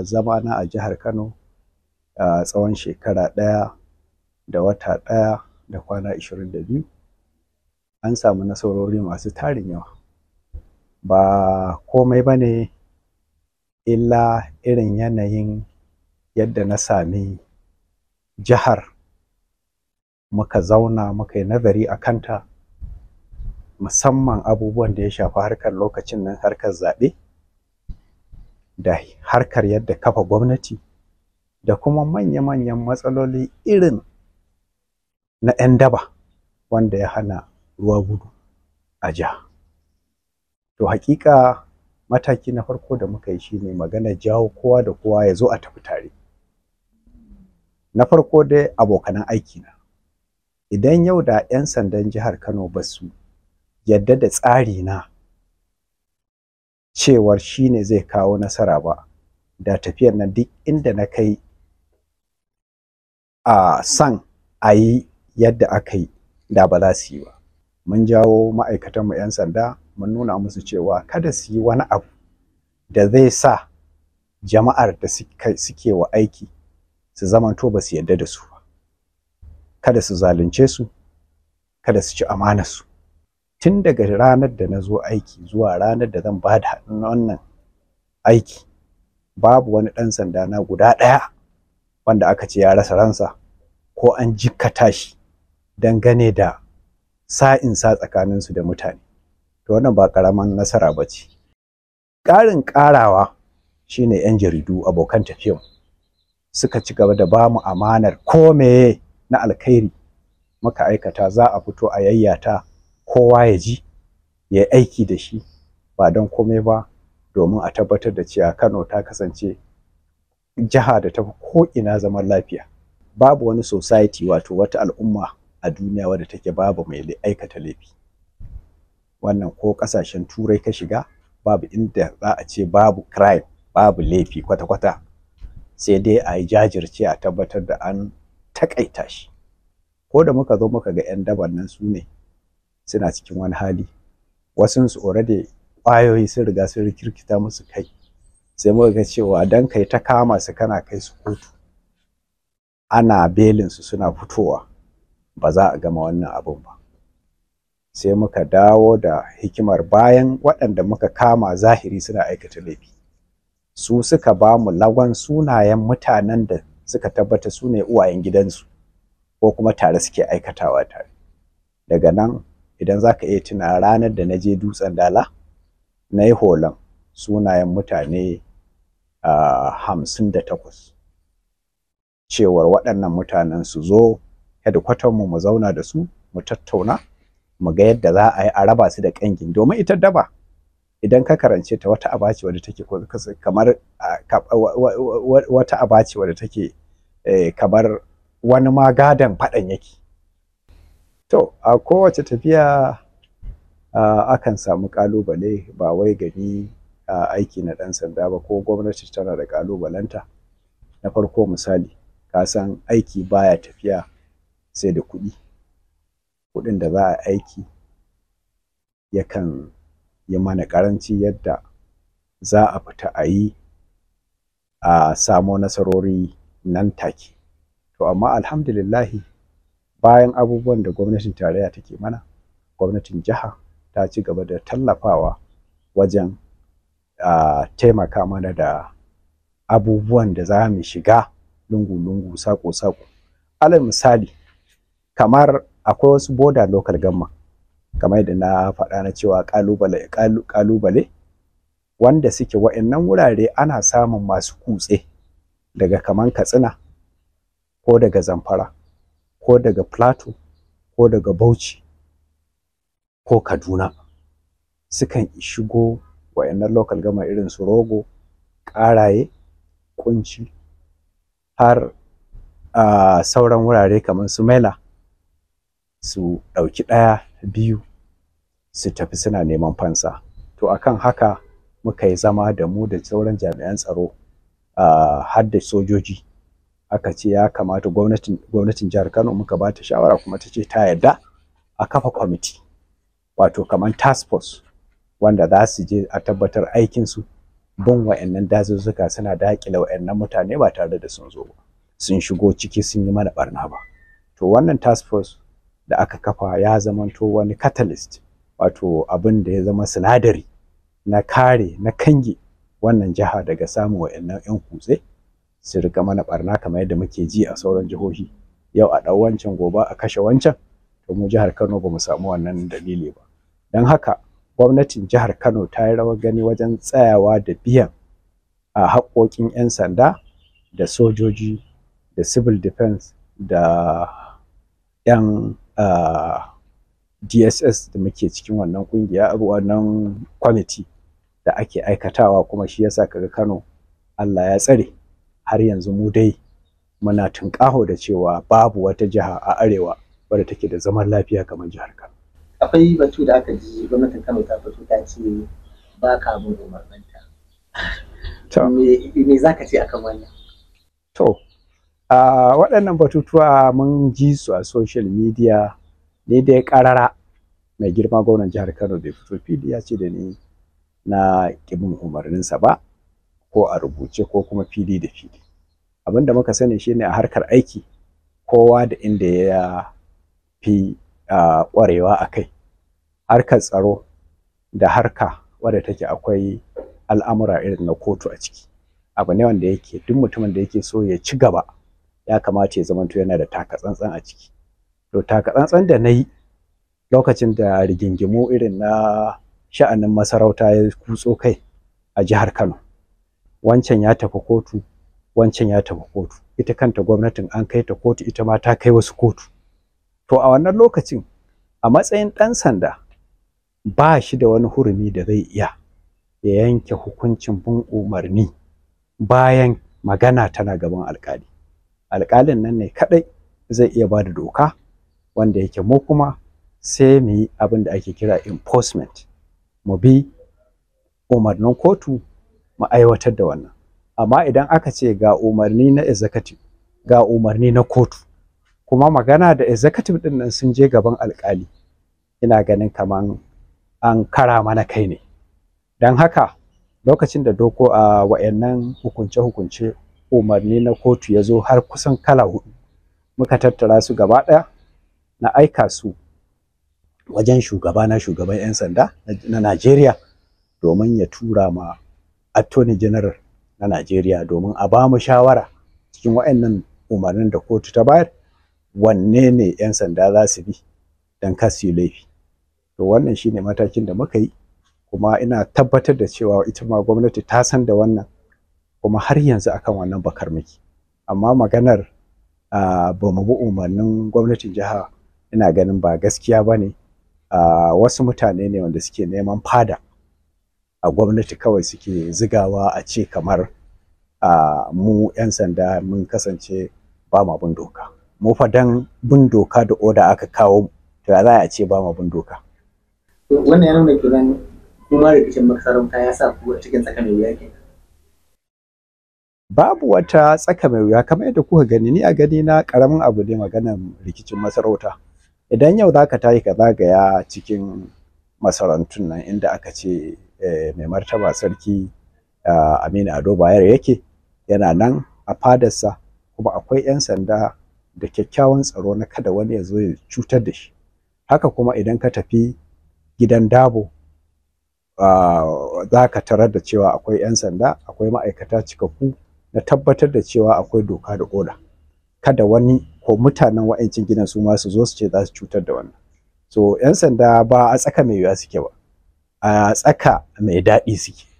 zama na a jihar Kano a tsawon shekara ɗaya da wata ɗaya da kwana da biyu, an samu nasarori masu tarin yawa ba komai ba ne illa irin yanayin yadda na sami jihar muka zauna muka yi nazari a kanta musamman abubuwan da ya shafi harkar lokacin nan harkar zaɓe da harkar yadda kafa gwamnati da kuma manya-manyan matsaloli irin na 'yan daba wanda ya hana ruwa gudu a jiha to hakika mataki na farko da muka yi shi ne magana jawo kowa da kowa ya zo a tafi tare na farko dai abokan aikina, idan yau da 'yan sandan jihar kano ba su yadda da tsari na cewar shi ne zai kawo nasara ba da tafiyar nan duk inda na kai a san a yi yadda aka yi da ba za su yi ba mun jawo ma'aikatanmu 'yan sanda mun nuna musu cewa kada su yi wani abu da zai sa jama'ar da suke wa aiki su zamanto ba su yadda da su ba kada su zalunce su kada su ci su. tun daga ranar da na zo aiki zuwa ranar da zan ba da wannan aiki babu wani ɗan sanda na guda ɗaya wanda aka ce ya rasa ransa ko an jikkata shi gane da sa'in sa tsakaninsu da mutane to wannan ba ƙaramin nasara ba ce ƙarin ƙarawa shine 'yan jaridu abokan tafiyan suka ci gaba da bamu amanar ko meye na alkhairi muka aikata za a fito a yayyata kowa ya ji ya yi aiki da shi ba don komai ba domin a tabbatar da cewa Kano ta kasance jiha da ta fi ina zaman lafiya babu wani society wato wata al'umma a duniya wadda take babu mai aikata laifi wannan ko kasashen turai ka shiga babu inda za a ce babu crime babu laifi kwata-kwata sai dai a yi jajirce a tabbatar da an takaita shi ko da muka zo muka ga 'yan dabar nan su ne suna cikin wani hali Wasun su already ƙwayoyi sun riga sun rikirkita musu kai sai muka ga cewa dan kai ta kama su kana kai su kotu ana belin su suna fitowa ba za a gama wannan abun ba sai muka dawo da hikimar bayan waɗanda muka kama zahiri suna aikata laifi su suka ba mu lagon sunayen mutanen da suka tabbata su ne uwayen gidansu ko kuma tare suke aikatawa tare daga nan idan za ka iya tuna ranar da na je dutsen dala na yi holon sunayen mutane hamsin da takwas cewar waɗannan mutanen su zo hedikwatonmu mu zauna da su mu tattauna mu ga yadda za a yi a raba su da ƙangin domin ita daba idan ka karance ta wata aba ce wadda take kamar wata aba wadda take eh, kamar wani ma gadon faɗan yake To, a kowace tafiya akan samu ƙalubale ba wai gani aiki na ɗan sanda ba ko gwamnati tana da ƙalubalenta. Na farko misali, ka san aiki baya tafiya sai da kuɗi. Kuɗin da za a aiki yakan yi mana ƙaranci yadda za a fita a yi a samo nasarori nan take. To amma alhamdulillahi bayan abubuwan da gwamnatin tarayya take mana gwamnatin jiha ta ci gaba da tallafawa wajen taimaka mana da abubuwan da za mu shiga lungu-lungu sako-sako alal misali kamar akwai wasu boda local gamma kamar yadda na faɗa na cewa ƙalubale wanda suke wa'annan wurare ana samun masu kutse daga kaman katsina ko daga zamfara ko daga plateau ko daga bauchi ko kaduna sukan shigo wayannan local gama irin su rogo ƙaraye kunci har a sauran wurare kamar su mela su ɗauki ɗaya biyu su tafi suna neman fansa to akan haka muka yi zama da mu da sauran jami'an tsaro har da sojoji aka ce ya kamata gwamnatin jihar Kano muka ba ta shawara kuma ta ce ta yarda a kafa kwamiti wato kamar task force wanda za su je a tabbatar aikin su bin wa'annan dazuzzuka suna daƙile wa'annan mutane ba tare da sun zo sun shigo ciki sun yi mana barna ba to wannan task force da aka kafa ya zama zamanto wani catalyst wato abin da ya zama sinadari na kare na kange wannan jiha daga samun wa'annan 'yan kutse su rika mana barna kamar yadda muke ji a sauran jihohi yau a ɗau wancan gobe a kashe wancan to mu jihar Kano ba mu samu wannan dalili ba don haka gwamnatin jihar Kano ta yi rawar gani wajen tsayawa da biyan a haƙoƙin 'yan sanda da sojoji da civil defense da 'yan DSS da muke cikin wannan kungiya wannan kwamiti da ake aikatawa kuma shi yasa kaga Kano Allah ya tsare har yanzu mu dai muna tunƙaho da cewa babu wata jiha a arewa wadda take da zaman lafiya kamar jihar Kano. Akwai batu da aka ji gwamnatin Kano ta fito ta ce ba ka bin umarninta. Me za ka ce akan wannan? To, a waɗannan batutuwa mun ji su a social media ne da ya ƙarara mai girma gwamnan jihar Kano bai fito fili ya ce da ni na ƙibin umarninsa ba. ko a rubuce ko kuma fili da fili abin da muka sani shine a harkar aiki kowa da inda ya fi kwarewa a kai harkar tsaro da harka wadda take akwai al'amura irin na kotu a ciki abu ne wanda yake duk mutumin da yake so ya ci gaba ya kamata ya zamanto yana da taka tsantsan a ciki to taka tsantsan da na yi lokacin da rigingimu irin na sha'anin masarauta ya kutso kai a jihar kano wancan ya tafi kotu wancan ya tafi kotu ita kanta gwamnatin an kai ta kotu ita ma ta kai wasu kotu to a wannan lokacin a matsayin ɗan sanda ba shi da wani hurumi da zai iya ya yanke hukuncin bin umarni bayan magana tana gaban alkali alkalin nan ne kadai zai iya ba da doka wanda yake mu kuma sai mu yi abin da ake kira enforcement mu bi umarnin kotu mu aiwatar da wannan amma idan aka ce ga umarni na executive ga umarni na kotu kuma magana da executive din nan sun je gaban alkali ina ganin kamar an kara mana kai ne don haka lokacin da doko a wayannan hukunce-hukunce umarni na kotu ya zo har kusan kala hudu muka tattara su gaba ɗaya na aika su wajen shugaba na shugaban 'yan sanda na Najeriya domin ya tura ma attorney general na Najeriya domin a bamu shawara cikin waɗannan umarnin da kotu ta bayar wanne ne 'yan sanda za su bi don kasu laifi to wannan shine matakin da muka yi kuma ina tabbatar da cewa ita ma gwamnati ta san da wannan kuma har yanzu akan wannan bakar miki amma maganar ba mu bi umarnin gwamnatin jiha ina ganin ba gaskiya ba ne wasu mutane ne wanda suke neman fada a gwamnati kawai suke zigawa a ce kamar mu 'yan sanda mun kasance ba ma bin doka mu fadan bin doka da oda aka kawo to ya za a ce ba ma bin doka wannan ya nuna kiran kuma rikicin makaranta ya sa ku a cikin tsaka mai wuya babu wata tsaka mai wuya kamar yadda kuka gani ni a gani na karamin abu ne maganar rikicin masarauta idan yau zaka tashi ka zagaya cikin masarautun nan inda aka ce Eh, mai martaba sarki ah, Aminu Ado Bayar yake yana nan a fadarsa kuma akwai 'yan sanda da kyakkyawan tsaro na kada wani ya zo ya cutar da shi haka kuma idan ka tafi gidan dabo ah, za ka tarar da cewa akwai 'yan sanda akwai ma'aikata cikakku na tabbatar da cewa akwai doka da oda kada wani ko mutanen wa'ancin gidan su ma su zo su ce za su cutar da wannan so 'yan sanda ba a tsaka mai yiwuwa suke ba a tsaka mai daɗi suke